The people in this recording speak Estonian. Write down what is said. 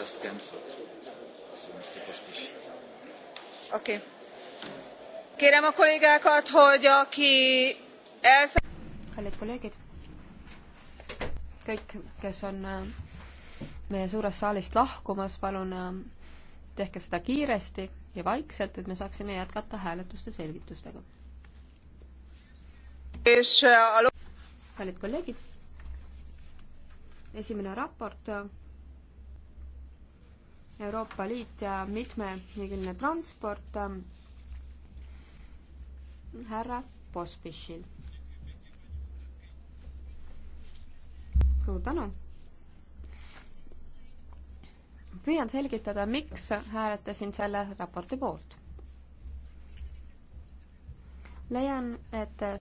just cancelled. So, Mr. Pospish. Okay. Kérem a kollégákat, hogy aki elsz... Kallid kolleegid, kõik, kes on ähm, meie suurest saalist lahkumas, palun ähm, tehke seda kiiresti ja vaikselt, et me saaksime jätkata hääletuste selgitustega. Äh, kallid kolleegid, esimene raport äh, Euroopa Liit ja mitmekülgne transport ähm, härra Pospišil. suur tänu. püüan selgitada, miks hääletasin selle raporti poolt. leian, et